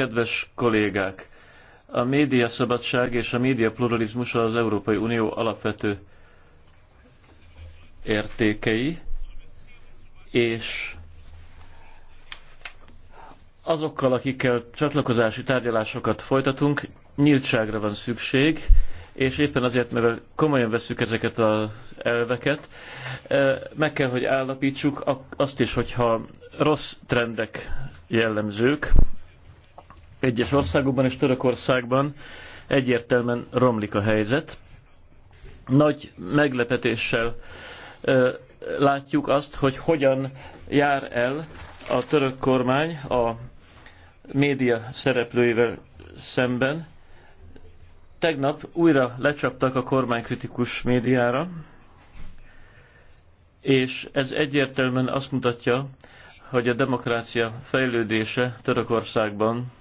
Kedves kollégák, a médiaszabadság és a média pluralizmus az Európai Unió alapvető értékei, és azokkal, akikkel csatlakozási tárgyalásokat folytatunk, nyíltságra van szükség, és éppen azért, mert komolyan veszük ezeket az elveket, eh, meg kell, hogy állapítsuk azt is, hogyha rossz trendek jellemzők, egyes országokban és Törökországban egyértelműen romlik a helyzet. Nagy meglepetéssel ö, látjuk azt, hogy hogyan jár el a török kormány a média szereplőivel szemben. Tegnap újra lecsaptak a kormánykritikus médiára, és ez egyértelműen azt mutatja, hogy a demokrácia fejlődése Törökországban